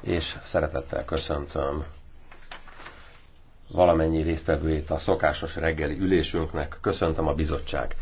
és szeretettel köszöntöm valamennyi résztvevőjét a szokásos reggeli ülésünknek. Köszöntöm a bizottság